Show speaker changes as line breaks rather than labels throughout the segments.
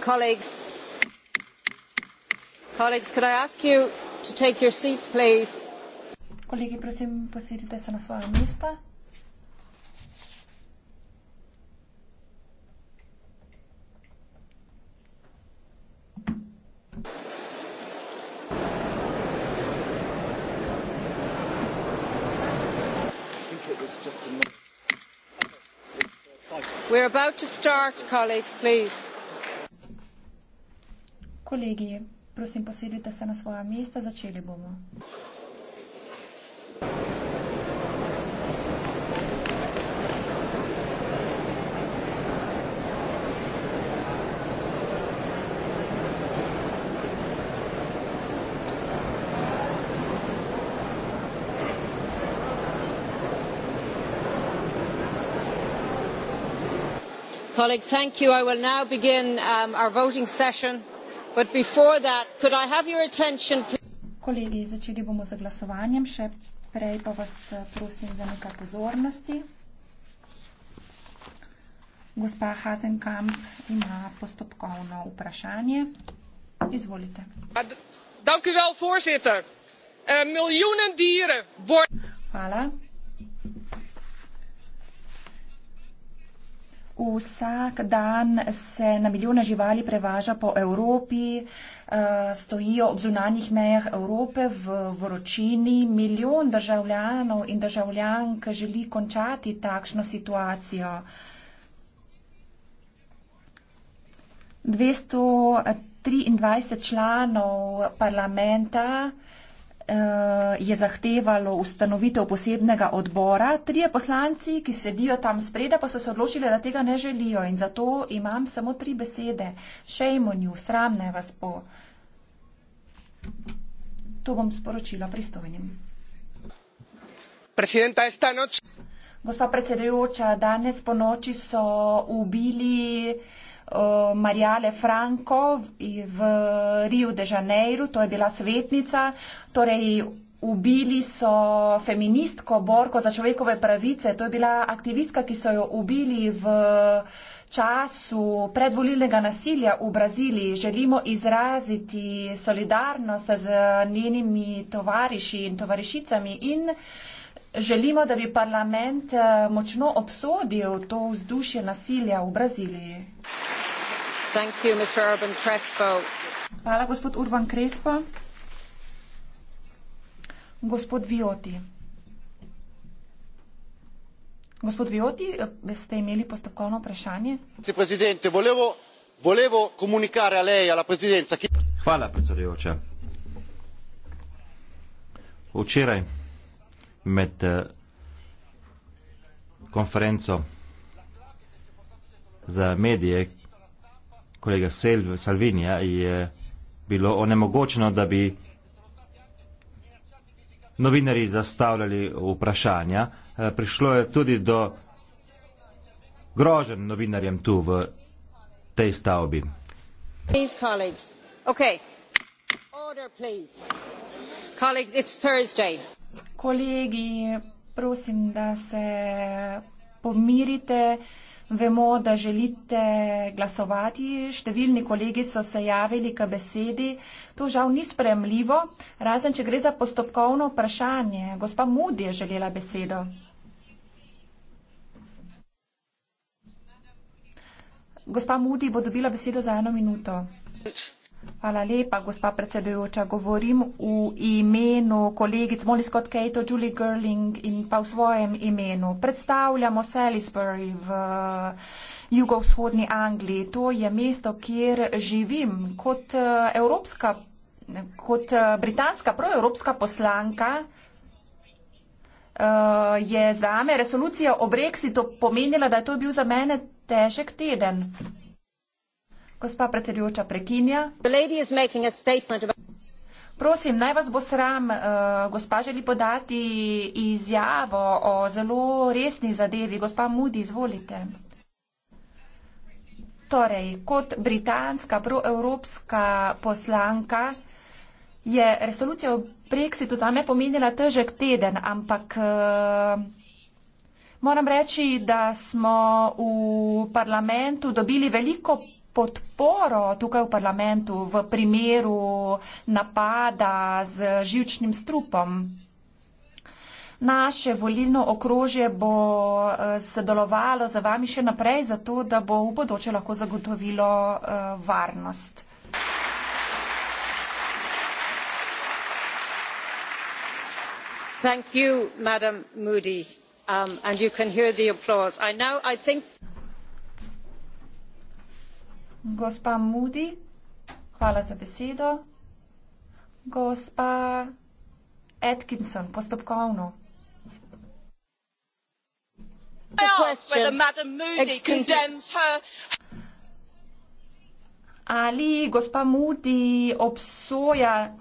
colleagues could i ask you to take your seats please colleghi prosim posedite se na svoja mesta we are about to start colleagues please Kolegi, prosim posedite se na svoja mesta, začeli bomo. Colleagues, thank you. I will now begin um, our voting session. Kolegi, začeli bomo z glasovanjem, še prej pa vas eh, prosim za nekaj pozornosti. Gospa Hazenkamp ima postopkovno vprašanje. Izvolite. Ja, eh, Hvala. Vsak dan se na milijone živali prevaža po Evropi, eh, stojijo ob zunanjih mejah Evrope v vročini. Milijon državljanov in državljank želi končati takšno situacijo. 223 članov parlamenta Eh, je zahtevalo ustanovitev posebnega odbora. Trije poslanci, ki sedijo tam spreda, pa so se odločili, da tega ne želijo in zato imam samo tri besede. Shame on you, sram naj vas bo. To bom sporočila pristojnim. Presidenta, esta noč. Gospa predsedujoča, danes po noči so ubili Marijale Franko v, v Riu de Janeiro, to je bila svetnica, torej ubili so feministko borko za človekove pravice, to je bila aktivistka, ki so jo ubili v času predvolilnega nasilja v Braziliji. Želimo izraziti solidarnost z njenimi tovariši in tovarišicami in želimo, da bi parlament eh, močno obsodil to vzdušje nasilja v Braziliji. Hvala, gospod Urban Crespo. Gospod Vioti. Gospod Vioti, eh, ste imeli postopkovno vprašanje? Hvala, predsedujoča. Včeraj med eh, konferenco za medije, kolega Sel, Salvinija je bilo onemogočeno, da bi novinari zastavljali vprašanja. Eh, prišlo je tudi do grožen novinarjem tu v tej stavbi. Kolegi, prosim, da se pomirite. Vemo, da želite glasovati. Številni kolegi so se javili k besedi. To žal ni spremljivo, razen če gre za postopkovno vprašanje. Gospa Mudi je želela besedo. Gospa Mudi bo dobila besedo za eno minuto. Hvala lepa, gospa predsedujoča. Govorim v imenu kolegic Molly Scott Cato, Julie Girling in pa v svojem imenu. Predstavljamo Salisbury v jugovzhodni Angliji. To je mesto, kjer živim kot, eh, evropska, kot eh, britanska proevropska poslanka. Uh, je za me resolucija o Brexitu pomenila, da je to bil za mene težek teden. Gospa predsedujoča prekinja. Prosim, naj vas bo sram, eh, gospa želi podati izjavo o zelo resni zadevi. Gospa Mudi, izvolite. Torej, kot britanska proevropska poslanka je resolucija o Brexitu zame pomenila težek teden, ampak eh, moram reči, da smo v parlamentu dobili veliko podatkov, podporo tukaj v parlamentu v primeru napada z živčnim strupom. Naše volilno okrožje bo eh, sodelovalo za vami še naprej, zato da bo v bodoče lahko zagotovilo eh, varnost. Thank you, Madam Moody. Um, and you can hear the applause. I know, I think. Gospa Moody, hvala za besedo. Gospa Atkinson, postopkovno. Ali gospa Moody obsoja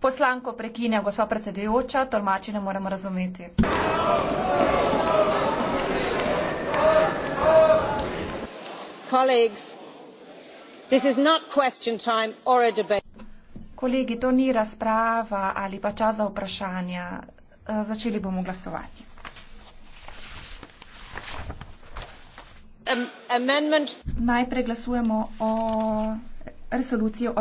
poslanko prekinja, gospa predsedujoča, tolmači ne moremo razumeti. Kolegi, to ni razprava ali pa čas za vprašanja. Eh, začeli bomo glasovati. Najprej glasujemo o resoluciji o.